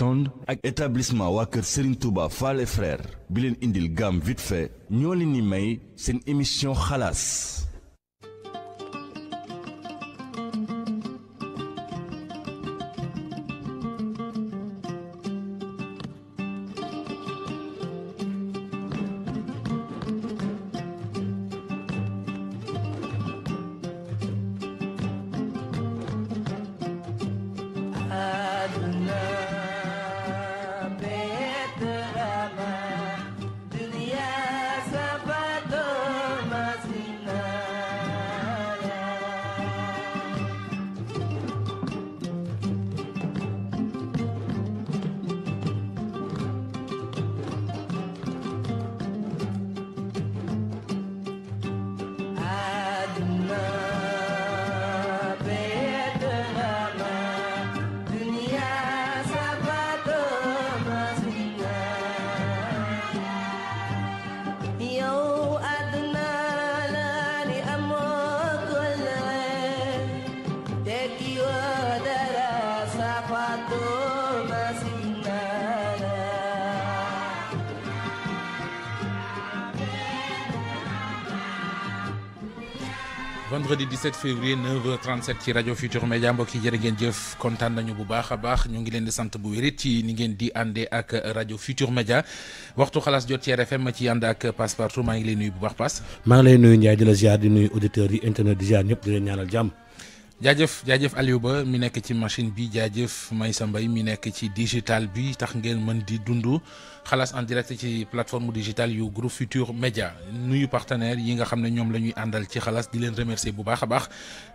tond ak établissement waa kër Serigne Touba Fall et frère bi leen indil gamme vite fait ñoo leen ni may seen émission xalaas vendredi 17 février 9 h ci rajo Futur Média mbokk yi jërë ngeen jëf kontaan nañu bu baax a baax ñu ngi leen di sant bu wérit ci ni ngeen di àndee ak rajo Futur Média waxtu xalaas jot ci RFM ma ci ànd ak passe partout maa ngi leen nuyu bu baax passe. maa ngi lay nuyu Ndiaye di la ziar di nuyu auditeurs yi internet di ziar ñëpp di leen ñaanal jàmm. jaajëf jaajëf Aliou Ba mi nekk ci machine bi jaajëf sa mbay mi nekk ci digital bi tax ngeen mën di dund. xalaas en direct ci plateforme digitale yu Groupe Futur Média nuyu partenaire yi nga xam ne ñoom la ñuy àndal ci xalaas di leen remercier bu baax a baax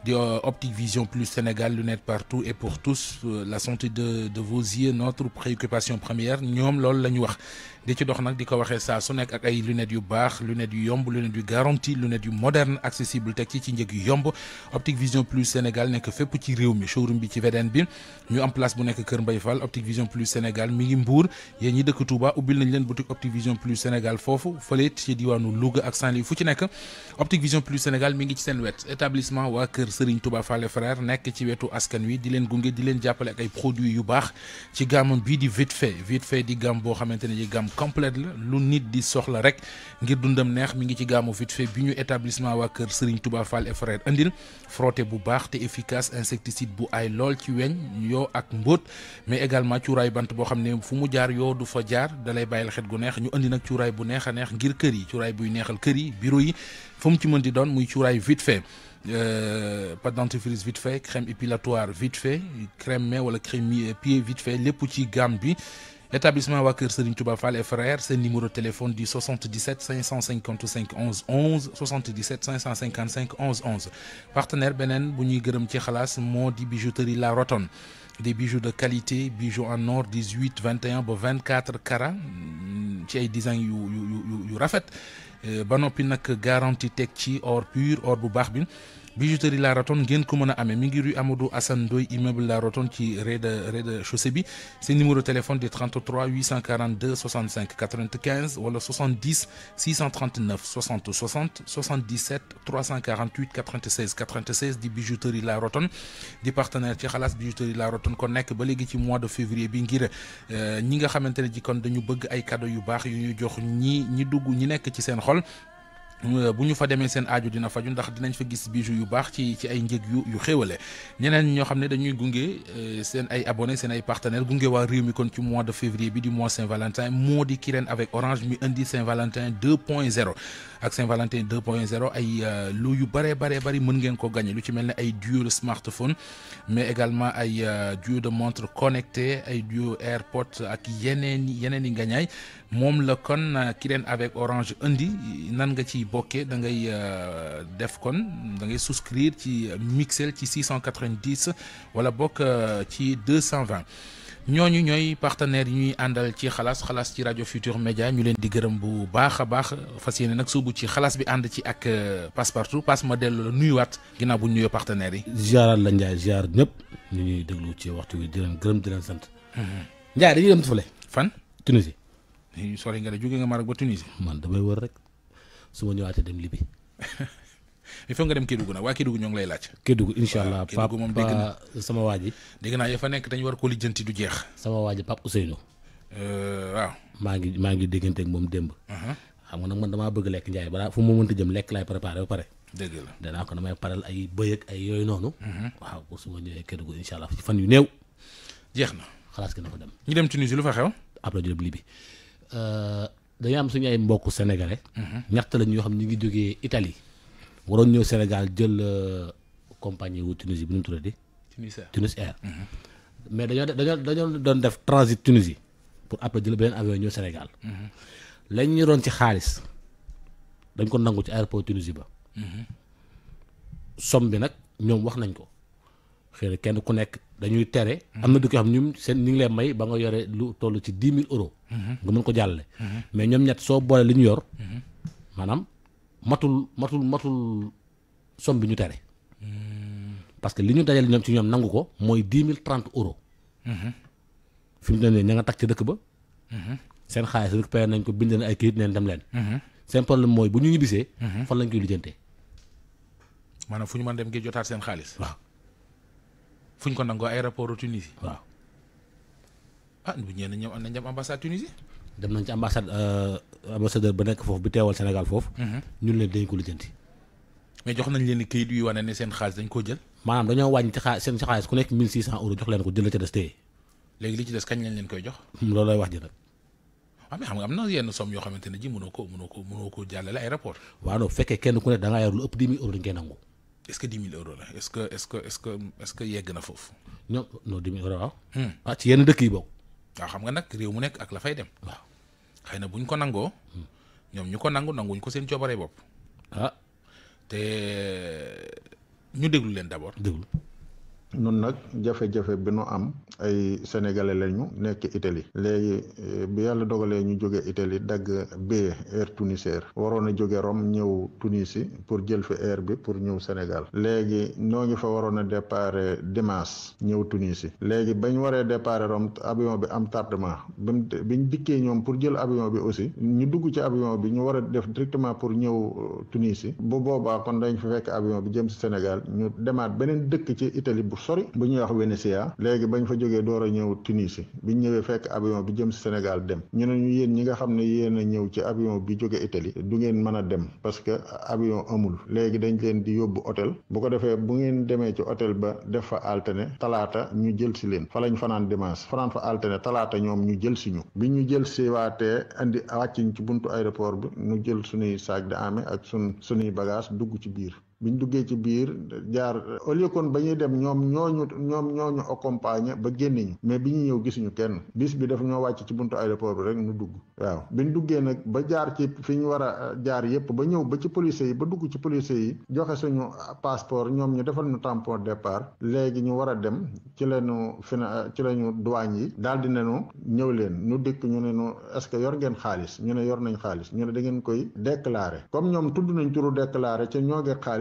di euh, Optique Vision Plus Sénégal lunettes partout et pour tous euh, la santé de de vos yeux notre préoccupation première ñoom loolu la ñu wax di ci dox nag di ko waxee saa su nekk ak ay lunettes yu baax lunettes yu yomb lunettes yu garantie lunettes yu moderne accessible teg ci ci njëg yu yomb Optique Vision Plus Sénégal nekk fépp ci réew mi showroom bi ci VDN bi place bu nekk Kër Mbaye Fall Optique Vision Plus Sénégal mi ubbil nañ leen boutique Optic Plus Sénégal foofu fële ci diwaanu Louga ak saint fu ci nekk Optic Vision Plus Sénégal mi ngi ci seen wet établissement waa kër Serigne Touba Fallé Frère nekk ci wetu askan wi di leen gunge di leen jàppale ak ay produits yu baax ci gammam bii di vite fait di gamm boo xamante ne ji gamm complète la lu nit di soxla rek ngir dundam neex mi ngi ci gammu vite bi ñu établissement waa kër Serigne Touba Frère andil frotté dalay bàyyil xet gu neex ñu indi nag cuuraay bu neex a neex ngir kër yi cuuraay buy neexal kër yi bureau yi fu mu ci mën di doon muy cuuraay vite fait euh, pâte dentifrice vite fait crème épilatoire vite fait crème main wala crème pied vite fait lépp ci gamme bi établissement waa Kër Serigne Touba Fall et seen numéro téléphone di 77 555 11 11 77 555 11 11 partenaire beneen bu ñuy gërëm ci xalaas moo di bijouterie La Rotonde. des bijoux de qualité bijoux en or 18 21 ba 24 carats mm, ci ay design yu yu yu yu rafet euh, ba noppi nag garantie teg ci or pur or bu baax bi. bijouterie La ngeen ko mën a amee mi ngi rue Amadou Assane Ndoye immeuble La Rotonde ci rez de rez de chaussée bi seen numéro téléphone di 33 842 65 95 wala 70 639 di bijouterie La Rotonde di partenaire ci xalaas bijouterie La Rotonde nekk ba léegi ci mois de février bi ngir euh, ñi nga xamante ne ji kon dañu bëgg ay kado yu baax yu ñu jox ñi ñi dugg ñi nekk ci seen xol. Euh, bu ñu fa demee seen aaju dina faju ndax dinañ fa gis bijou yu baax ci ci ay njëg yu yu ñeneen ñoo xam ne dañuy gunge euh, seen ay abonnés seen ay partenaires gunge waa réew mi kon ci mois de février bi di mois Saint-Valentin moo di Kirène avec Orange mi indi Saint-Valentin 2.0 ak Saint-Valentin 2.0 ay euh, lu yu bëree baree bëri mën ngeen ko gagné lu ci mel ni ay duo de smartphone mais également ay duo de montre connecté ay duo AirPods ak yeneen yeneen i ngañaay moom la kon Kirène avec Orange indi nan nga ci bokkee da ngay euh, def kon da ngay souscrire ci euh, Mixel ci 690 wala bokk euh, ci 220 ñooñu ñooy partenaires yi ñuy àndal ci xalaas xalaas ci rajo Futur Média ñu leen di gërëm bu baax a baax fas yéene nag suubu ci xalaas bi ànd ci ak Passepartout passe ma dellu la waat ginnaaw bu ñu nuyoo partenaires yi. ziaral la Ndiaye ziar ñëpp ñu ñuy déglu ci waxtu wi di leen gërëm di leen sant. Mhm. Ndiaye dañuy dem fële. fan Tunisie. nga de ba Tunisie. man damay wër rek. su ma ñëwaatee dem Libi. il faut nga dem Kédougou nag waa Kédougou ñoo ngi lay laaj. Kédougou incha allah Pape sama waa ji. dégg naa ya fa nekk dañu war koo lijjanti du jeex. sama waa ji Pape Ousseynou. Euh, waaw. ngi maa ngi déggante ak moom démb. Uh-huh. xam nga nag man damaa bëgg lekk Ndiaye balaa fu mu mënti jëm lekk laay préparé ba pare. dëgg la danaa ko damay paral ay bëy ak ay noonu. Uh-huh. waaw pour su ma ñëwee Kédougou incha allah ci fan yu néew. jeex na xalaas gi na ko dem. ñu dem Tunisie lu fa xew. après ñu dem Libye euh, dañu am suñu ay mbokk sénégalais. Mhm. ñett la yoo xam ñu ngi jógee Italie. waroon ñëw Sénégal jël euh, compagnie wu Tunisie bi nu mu tuddati. Tunis Air mhm. mais dañoo dañoo dañoo doon def transit Tunisie pour après jël beneen avion ñëw Sénégal. Mhm. lañ ñu doon ci xaalis dañ ko nangu ci aéroport Tunisie ba. somme bi nag ñoom wax nañ ko xëy kenn ku nekk dañuy tere. Mhm. am na dëkk yoo xam ñum seen ñu ngi lay may ba nga yore lu toll ci dix mille euros. Mhm. nga mën ko jàllale. Mhm. mais ñoom ñett soo boole li ñu yor. maanaam matul matul matul some bi ñu tere. parce que li ñu dajale ñoom ci ñoom nangu ko mooy dix mille trente euros. fi mu ne ña nga takk ci dëkk ba. seen xaalis récupéré nañ ko bind leen ay kayit neen dem leen. seen problème mooy bu ñu ñibbisee. fan lañ koy lijjantee. maanaam fu ñu mën dem ngir jotaat seen xaalis. waaw. fu ñu ko nangoo aéroport Tunisie. waaw ah bu ñeen ñoom am nañ dem ambassade Tunisie. dem nañ ci ambassade euh, ambassadeur ba nekk foofu bi teewal Sénégal foofu. Mhm. ñun leen dañ ko lijjanti. mais jox nañ leen kayit koo jël. maanaam dañoo wàññi ci xaalis seen xaalis ku nekk 1600 euros jox leen ko jël la léegi li ci des kañ lañ leen koy jox. Hmm, loolu lay wax ji nag. waaw ah, xam nga am na yenn somme yoo xamante ne ji mënoo ko mënoo ko mënoo ko jàllale aéroport. waaw non fekkee kenn ku nekk est-ce que dix mille euros la est-ce que est-ce que est-ce que yegg na foofu. non non dix mille euros waaw. Hmm. ah ci yenn dëkk yi boobu waaw xam nga nag réew mu nekk ak la fay dem. waaw xëy na bu ñu ko nangoo. ñoom ñu ko nangu nanguñ ko seen coobare bopp. ah te ñu déglu leen d'abord. déglu. nun nag jafe-jafe bi nu am ay sénégalais lañu nekk Italie léegi eh, bi yàlla dogalee ñu jóge Italie dagg bee air Tunisair waroon a jóge Rome ñëw Tunisie pour jël fi air bi pour ñëw Sénégal léegi noo ngi fa waroon a départ dimanche ñëw Tunisie léegi bañ waree départ Rome avion bi am tardement biñ dikkee ñoom pour jël avion bi aussi ñu dugg ci avion bi ñu war a def directement pour ñëw eh, Tunisie bu boobaa kon dañ fa fekk avion bi jëm si Sénégal ñu demaat beneen ci Italie sori bu ñu wax Venecia léegi bañ fa jógee door a ñëw bi ñu ñëwee fekk avion bi jëm Sénégal dem ñu ne ñu yéen ñi nga xam ne yéen a ñëw ci avion bi jóge Italie du ngeen mën a dem parce que avion amul léegi dañ leen di yóbbu hôtel bu ko defee bu ngeen demee ci hôtel ba def fa alterné talaata ñu jël si leen fa lañ fanaan dimanche fanaan fa alterné talaata ñoom ñu jël si ñu bi ñu jël si waatee andi wàcciñ ci buntu aéroport bi ñu jël suñuy sac di amee ak sun suñuy bagage dugg ci biir biñ duggee ci biir jaar au lieu kon ba ñuy dem ñoom ñooñu ñoom ñooñu accompagner ba génn ñu mais bi ñu ñëw gisuñu kenn bis bi dafa ñoo wàcc ci buntu aéroport bi rek ñu dugg waaw bi biñ duggee nag ba jaar ci fi ñu war a euh, jaar yépp ba ñëw ba ci policiers yi ba dugg ci policiers yi joxe suñu euh, passeport ñoom ñu defal ñu tampon départ léegi ñu war a dem ci lañu fina euh, ci lañu douane yi daal di nañu ñëw leen ñu dikk ñu ne ñu est-ce que yor ngeen xaalis ñu ne yor nañ xaalis ñu da ngeen koy déclarer comme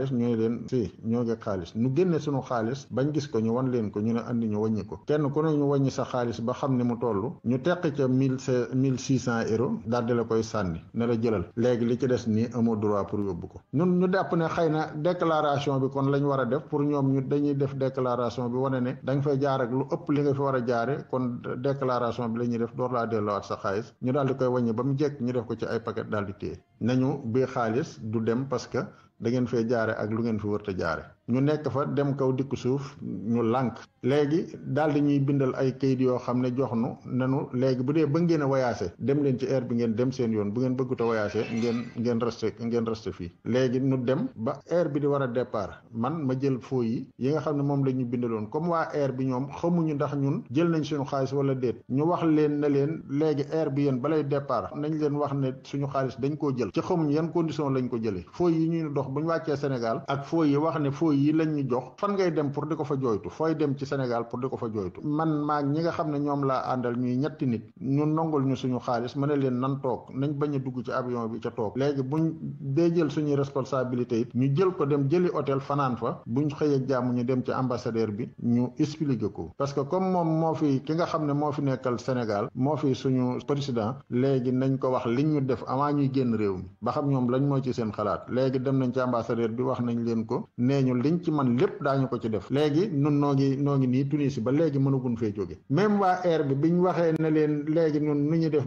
xaalis ñu leen si ñoo ngi xaalis nu génne sunu xaalis bañ gis ko ñu wan leen ko ñu ne andi ñu wàññi ko kenn ku ne ñu waññi sa xaalis ba xam ne mu toll ñu teq ca mille cinq mille six cent euros daldi la koy sànni ne la jëlal léegi li ci des nii amoo droit pour yóbbu ko ñun ñu jàpp ne xëy na déclaration bi kon lañ war a def pour ñoom ñu dañuy def déclaration bi wane ne danga fay jaar ak lu ëpp li nga fi war a jaare kon déclaration bi la ñuy def door laa delloowaat sa xaalis ñu daal di koy wàññi ba ñu def ko ci ay paquet daal di téye nañu bi xaalis du dem parce da ngeen jaare ak lu ngeen fi wërta jaare ñu nekk fa dem kaw dikk suuf ñu lànk léegi daal di ñuy bindal ay kayit yoo xam ne jox nu nu léegi bu dee ba ngeen a dem leen ci air bi ngeen dem seen yoon bu ngeen bëggut a voyagé ngeen ngeen resté ngeen resté fii léegi nu dem ba air bi di war a départ man ma jël foo yi yi nga xam ne moom la ñu bindaloon comme waa air bi ñoom xamuñu ndax ñun jël nañ suñu xaalis wala déet ñu wax leen ne leen léegi air bi yéen balay départ nañ leen wax ne suñu xaalis dañ koo jël ci xamuñu yan condition lañ ko jëlee foo yi ñuy dox bu wàccee Sénégal ak yi lañ ñu jox fan ngay dem pour di ko fa jooytu fooy dem ci Sénégal pour di ko fa jooytu man maag ñi nga xam ne ñoom laa àndal ñuy ñetti nit ñu nongul ñu suñu xaalis ma ne leen nan toog nañ bañ a dugg ci avion bi ca toog léegi buñ dee jël suñuy responsabilité it ñu jël ko dem jëli hôtel fanaan fa bu ñu ak jàmm ñu dem ci ambassadeur bi ñu expliquer ko parce que comme moom moo fi ki nga xam ne moo fi nekkal Sénégal moo fi suñu président léegi nañ ko wax liñ ñu def avant ñuy génn réew mi ba xam ñoom lañ moo ci seen xalaat léegi dem nañ ci ambassadeur bi wax nañ leen ko liñ ci man lépp daañu ko ci def léegi nun noo ngi noo ngi nii Tunisie ba léegi mënagun fee jóge même waa air bi biñ waxee ne leen léegi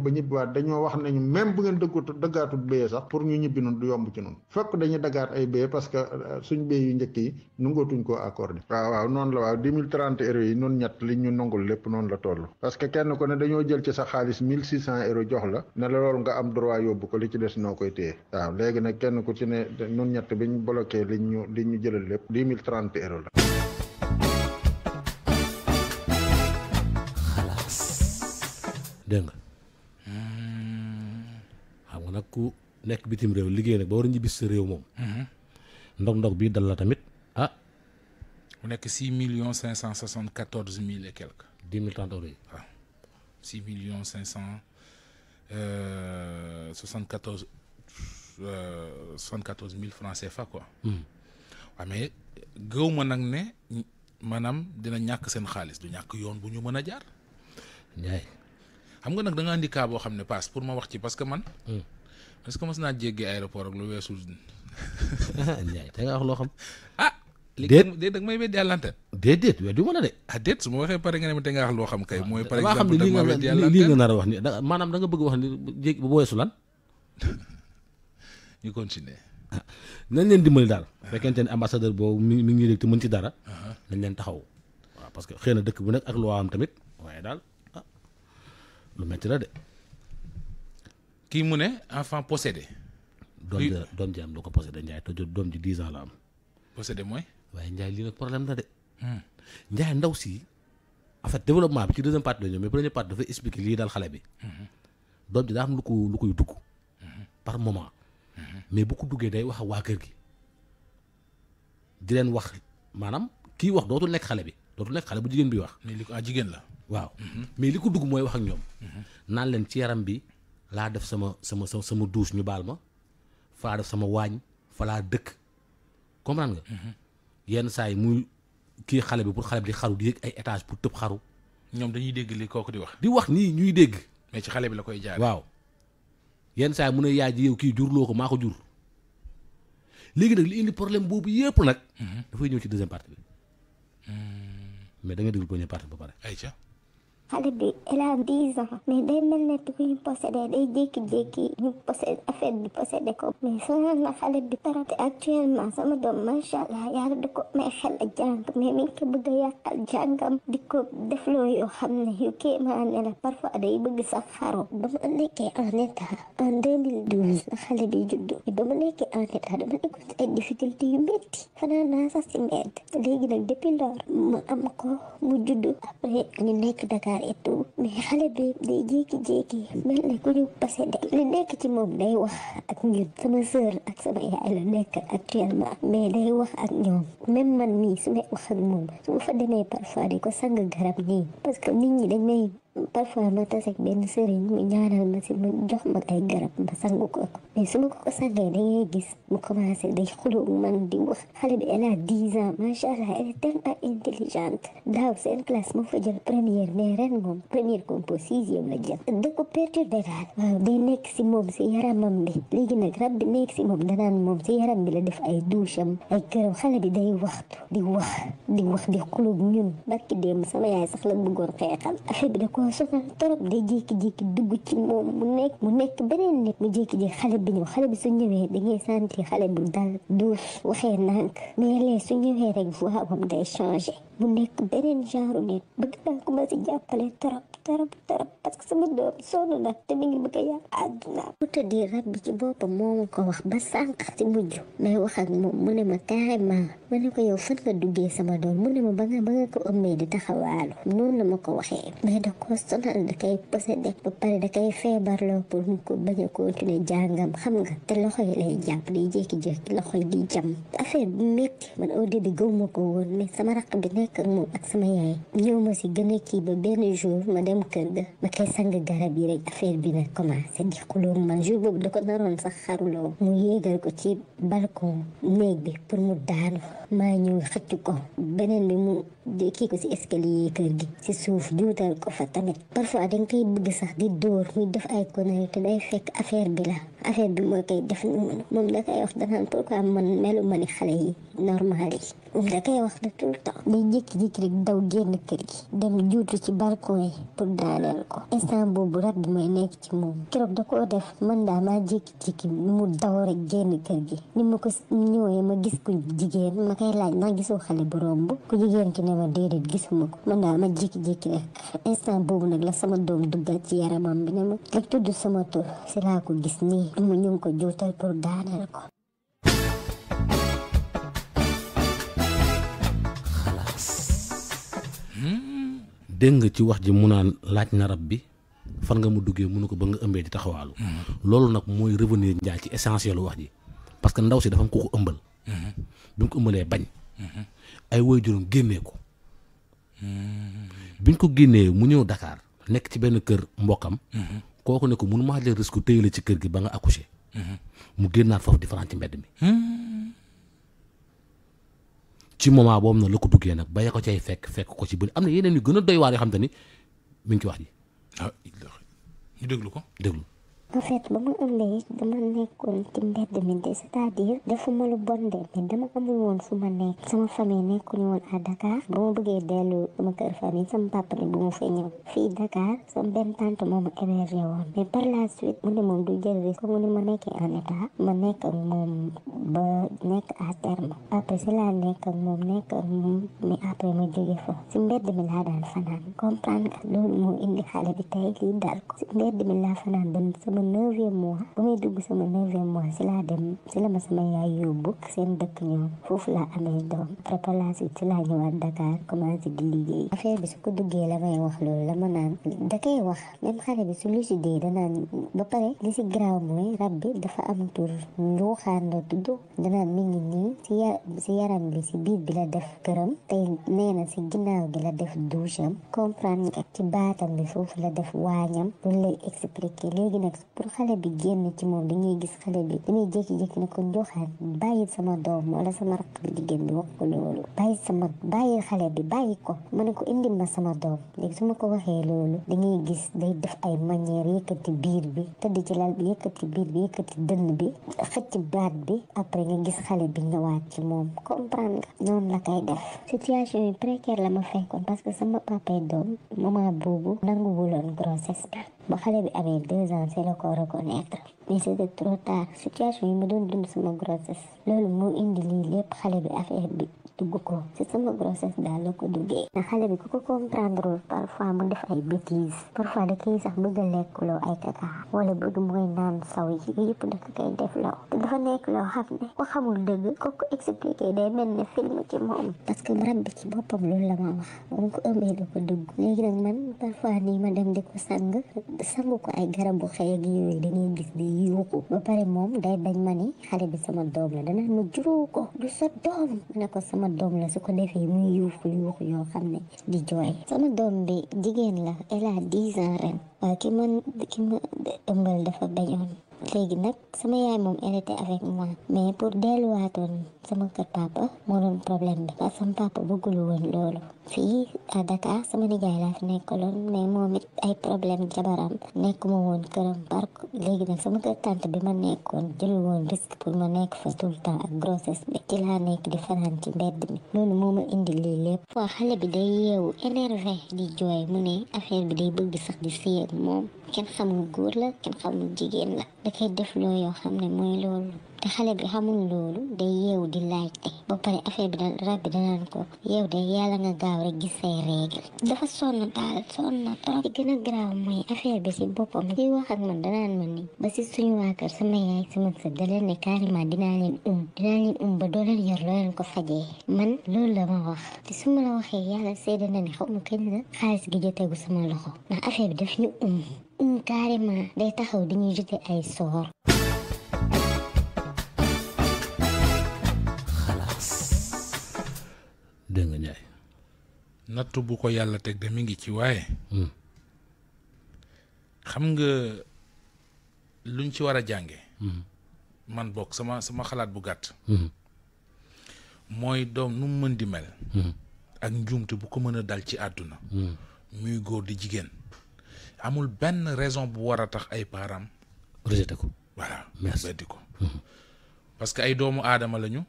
bu ngeen dëggut dëggaatut béyee sax pour ñu ñibbi nun du yomb ci nun fokk dañuy daggaat ay béyee parce que euh, suñ béy yu njëkk yi nungootuñ koo accordé waaw waaw noonu la waaw dix mille trente euros yi nun ñett li ñu nangul lépp noonu la toll parce que kenn ne dañoo jël ci sa xaalis mille six cent euros jox la nga am droit yóbbu ko li ci des noo koy téye waaw léegi nag kenn ku ci ne nun ñett biñ bloqué liñ ñu li ñu jëlal lépp 2030 nga hmm. xam nga nag ku nekk bitim réew liggéey nag ba war a ñibbi sa réew moom. Hmm. ndog-ndog bii dal la tamit ah. mu nekk six million cinq cent soixante quatorze mille et quelque. dix mille trente euros yi waaw. Ah. six millions cinq euh, soixante quatorze euh, mille francs CFA quoi. Hmm. waaw ah, mais gëw ma nag ne maanaam dina ñàkk seen xaalis du ñàkk yoon bu ñu mën a jaar. Ndiaye. xam nga nag da nga andi boo xam ne paas pour ma wax ci parce que man. Hmm. est-ce que mos naa jéggi aéroport ak lu weesu. Ndiaye te nga wax loo xam. ah. déet léegi nag may weddi à l'antenne. déedéet weddi ma la de. ah déet su ma waxee pare nga ne ma te nga wax loo xam kay. mooy par exemple da weddi à a wax ni maanaam da nga bëgg wax ni jéggi bu weesu lan. ñu continuer. nañ leen dimbali daal. fekkente ne ambassadeur boobu mi mi ngi dégg te mën ci dara. Uh-huh. nañ leen taxaw waaw parce que xëy na dëkk bu nekk ak loo am tamit waaye daal ah lu metti la de. kii mu ne enfant possédé. doom ji doom ji am lu ko possédé Ndiaye te doom ji 10 la am. possédé mooy. waaye Ndiaye lii nag problème la de. Hmm. Ndiaye ndaw si. en fait développement bi ci deuxième partie la ñëw mais première partie dafay expliquer lii daal xale bi. Hmm. doom ji daa am lu ko lu koy dugg. Hmm. par moment. mais bu ko duggee day wax ak waa kër gi di leen wax maanaam kii wax dootul nekk xale bi dootul nekk xale bu jigéen bi wax. mais li ko ah jigéen la. waaw mhm. mais li ko dugg mooy wax ak ñoom. Mhm. naan leen ci yaram bi laa def sama sama sama douche ñu baal ma fa def sama waañ fa laa dëkk comprendre nga. Mhm. yenn saa yi muy kii xale bi pour xale bi di xaru di yëg ay étage pour tëb xaru. ñoom dañuy dégg li kooku di wax. di wax nii ñuy dégg. mais ci xale bi la koy jaar waaw. yenn saa yi mu ne yaay ji yow kii jurloo ko maa ko jur léegi nag li indi problème boobu yëpp nag. Mhm. dafay ñëw ci deuxième partie bi. Mhm. mais da nga déglu première partie ba pare. ayca xale bi elle a dix ans mais day mel ne ku ñu possédé day jékki-jékki ñu possédé affaire bi possédé ko mais sonal na xale bi tarate actuellement sama doom macha allah yàlla di ko may a jàng mais mi ngi ko bëgg a di ko defloo yoo xam ne yu kéemaane la parfois day bëgg sax xaro ba ma nekkee en état en xale bi juddu ba ma nekkee en état dama nekkoon ay difficulté yu métti xanaa Dakar et tout mais xale bi day jékki-jékki mel ne ñu passé de li nekk ci moom day wax ak ñun sama sœur ak sama yaay la nekk actuellement mais day wax ak ñoom même man mii su may wax ak moom su ma fa demee parfois ko sang garab nii parce que nit ñi dañ parfois ma tase ak benn sëriñ mu ñaanal ma si ma jox ma ay garab ma sangu ko mais su ma ko ko sangee da ngay gis mu commencé day xuloo man di wax xale bi elle a dix ans macha allah elle est tellement intelligente daaw seen classe moo fa jël première mais ren moom première compo sixième la jël da ko perturbé daal waaw day nekk si moom si yaramam bi léegi nag rab bi nekk si moom danaan moom si yaram bi la def ay doucham ay këram xale bi day waxtu di wax di wax di xuloo ñun barki démb sama yaay sax la bëggoon xeexal affaire bi da ko souvent trop day jékki-jékki dugg ci moom mu nekk mu nekk beneen nit mu jékki-jékki xale bi ñëw xale bi su ñëwee da ngay sentir xale bu dal duus waxee nànk mais léegi su ñëwee rek voix boobu day changé mu nekk beneen genre nit bëgg naa ko ma si jàppale trop dara bu dara parce que sama doom sonn na te mi ngi bëgg a yàq àdduna rab bi ci boppam moo ma ko wax ba sànq si mujj may wax ak moom mu ma carrément ma ne ko yow fan duggee sama doom mu ne ma ba ba nga ko ëmmee di taxawaalu noonu la ma ko waxee mais da ko sonal da koy possédé ba pare da koy feebarloo pour mu ko bañ a continuer jàngam xam nga te loxo yi lay jàpp day jékki-jékki loxo yi di jam affaire bi métti man au début gëw ma ko woon mais sama rakk bi nekk ak moom ak sama yaay ñëw ma si gën a ba benn jour ma dem dem kër ga ba kay sang garab yi bi na commencé di xuloo man jour boobu da ko naroon sax xaruloo mu yéegal ko ci balcon néeg bi pour mu daanu maa ñëw xëcc ko beneen bi mu kii ko si kër gi si suuf juutal ko fa tamit parfois dañ koy bëgg sax di dóor muy def ay conneries te day fekk affaire bi la affaire bi moo koy def moom da koy wax danaan pourquoi man melu ma ni xale yi normal la koy wax nag tout le temps day daw génn kër gi dem juutu ci balcon yi pour daaneel ko instant boobu rab bi mooy nekk ci moom keroog da koo def man daa maa jékki-jékki mu daw rek génn kër gi ni ma ko ñëwee ma gis ku jigéen ma koy laaj maa gisoo xale bu romb ku jigéen ki ma déedéet gisuma ko man daa ma jékki-jékki rek boobu nag la sama doom duggaat ci yaramam bi ne ma rek sama tur si laa ko gis nii mu ñu ngi ko juutal pour daaneel ko dégg nga ci wax ji mu naan laaj narab bi fan nga mu duggee munu ko ba nga ëmbee di taxawaalu. Mm-hmm. loolu nag mooy revenir njaay ci essentiel wax ji parce que ndaw si dafa am ku ko ëmbal. Mm-hmm. bi mu ko ëmbalee bañ. Mm-hmm. ay woy juróom génnee ko. biñ ko génnee mu ñëw dakaar nekk ci benn kër mbokkam. kooku ne ko mënu maa jël risque téye la ci kër gi ba nga accouché. mu génnaat foofu di fanaan ci mbedd mi. ci moment boobu nag la ko duggee nag ba ya ko cay fekk fekk ko ci bu am na yeneen yu gën a doy waar yoo xam te ni mi ngi ci wax ji. ah ñu déglu ko déglu. en fait ba ma ëmbee it dama nekkoon ci mi de c'est-à-dire defuma lu bon de mais dama amul woon fu ma nekk sama famille nekkuñu woon a Dakar ba ma bëggee dellu sama kër famille sama papa bi bu mu fee ñëw fii Dakar sama ben tante moo ma hébergé woon mais par la suite mu ne moom du jël risque comme ni ma nekkee en état ma nekk ak moom ba nekk à terme après si laa nekk ak moom nekk ak moom mais après ma jóge fa si mi laa daan fanaan comprendre nga loolu moo indi xale bi lii dal sama neuvième mois ba may dugg si laa dem si la ma sama yaay yóbbu seen dëkk ñoom foofu laa amee doom après par la suite si laa ñëwaat Dakar commencé di bi su ko duggee la may wax loolu la ma naan da wax même xale bi su lucidé danaan ba pare si garaaw mooy rab dafa am tur njuuxaan la tudd danaan mi ngi si ya yaram bi si biir bi la def këram tey nee na si ginnaaw gi la def douche am comprendre ci baatam bi foofu la def waañam loolu lay expliqué léegi nag pour xale bi génn ci moom dañuy gis xale bi dañuy jékki-jékki ne ko njoxaat bàyyi sama doom wala sama raq bi jigéen bi ko loolu bàyyi sama bàyyi xale bi bàyyi ko ma ne ko indi ma sama doom léegi su ma ko waxee loolu dañuy gis day def ay manière yëkkati biir bi tëdd ci lal bi yëkkati biir bi bi xëcc baat bi après nga gis xale bi ñëwaat ci moom comprendre nga noonu la koy def situation yi précaire la ma fekkoon parce que sama papay doom moment boobu nanguwuloon grossesse bi ba xale bi amee deux ans c'est le corps reconnaître mais c'était trop tard situation yi ma doon dund sama grossesse loolu moo indi lii lépp xale bi affaire bi dugg ko ci sama grossesse daal la ko duggee ndax xale bi ku ko comprendre parfois mu def ay bêtises parfois da koy sax bëgg a lekkloo ay kaka wala bëgg mooy naan saw yi yëpp da ko koy def loo te ne ko xamul dëgg ko ko expliqué day mel ne film ci moom parce que rab bi ci boppam la ma wax moom ko ëmbee da ko dugg léegi nag man parfois nii ma dem di ko sangu ko ay garab bu xëy ak yooyu dañuy gis di yuuxu ba pare moom day bañ ma ni xale bi sama doom la dana ma juróo ko du sa doom ma ne ko sama doom la su ko defee muy yuuxu yuuxu yoo sa ne di jooy sama doom bi jigéen la elle a ren waaye ki man ki ma ëmbal dafa bañoon léegi nag sama yaay moom elle était avec moi mais pour delluwaatoon sama kër papa moo doon problème bi parce que sama papa bëggul woon loolu fii à sama nijaay laa fi nekkaloon ne moom it ay problème jabaram nekkuma woon këram par léegi nag sama kër tante bi ma nekkoon jël woon risque pour ma nekk fa tout le temps ak grossesse bi ci laa di fanaan ci mi loolu moo ma indi lii lépp waa bi day yeewu énervé di jooy mu ne affaire bi day bëgg sax di séy ak moom kenn xamul góor la jigéen la da def loo yoo xam ne mooy loolu te xale bi xamul loolu day yeewu di laajte ba pare affaire bi da rab bi danaan ko yow de yàlla nga gaaw rek gis say règle dafa sonn daal sonn na trop li gën a garaaw mooy affaire bi si boppam kiy wax ak man danaan man ba si suñu waa kër sama yaay sama sër da leen ne carrément dinaa leen um dinaa leen um ba doo leen yor loo leen ko fajee man loolu la ma wax te su ma la waxee yàlla seede na ne xaw ma kañ la xaalis gi jotegu sama loxo ndax affaire bi daf ñu um um carrément day taxaw di ñuy jotee ay soor nattu bu ko yàlla teg de mi ngi ci waaye hmm. xam nga luñ ci war a jànge hmm. man bokk sama sama xalaat bu gàtt hmm. mooy doom nu mu mën di mel ak njuumte bu ko mën a dal ci àdduna muy góor di jigéen amul benn raison bu war a tax ay param rejeté ko voilà que ay doomu aadama lañu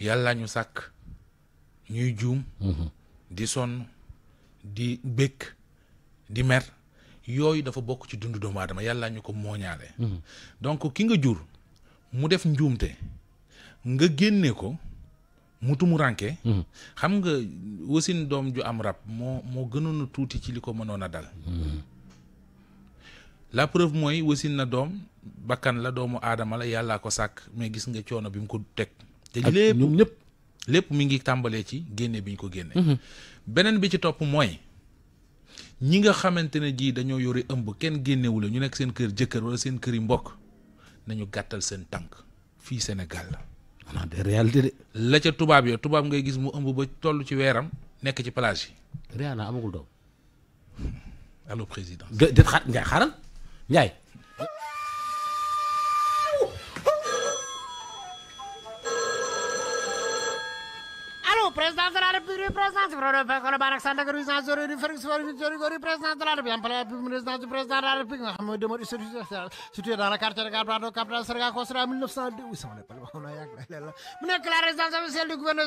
yàlla ñu sàkk ñuy juum di sonn di bëgg di mer yooyu dafa bokk ci dundu doomu aadama yàlla ñu ko mooñaale hmm. donc ki nga jur mu def njuumte nga génne ko mu tumurànke hmm. xam nga wasin doom ju am rab moo moo gënoon tuuti ci li ko mënoon a dal hmm. la mooy wasin na doom bakkan la doomu aadama la yàllaa ko sàkk mais gis nga coono bi mu ko teg te lépp ñëpp lépp mu ngi tàmbalee ci génne bi ñu ko génne. Mhm. beneen bi ci topp mooy ñi nga xamante ne jii dañoo yore ëmb kenn génnewu la ñu nekk seen kër jëkkër wala seen kër yi mbokk nañu gàttal seen tànk fii Sénégal la. on a des réalités de. la ca tubaab yo tubaab ngay gis mu ëmb ba toll ci weeram nekk ci plage yi. Rihanna amagul doom. allo président. déet xaar Ndiaye xaaral Ndiaye. président de la République président si pro Colobane ak Sandaga résidence zone urbaine Fering si forum zone président de la République en plein résidence du président de la République nga xam mooy demeure historique situé dans le quartier de Gare Plateau capitale Sénégal construit en 1902 mu nekk la résidence officielle du gouverneur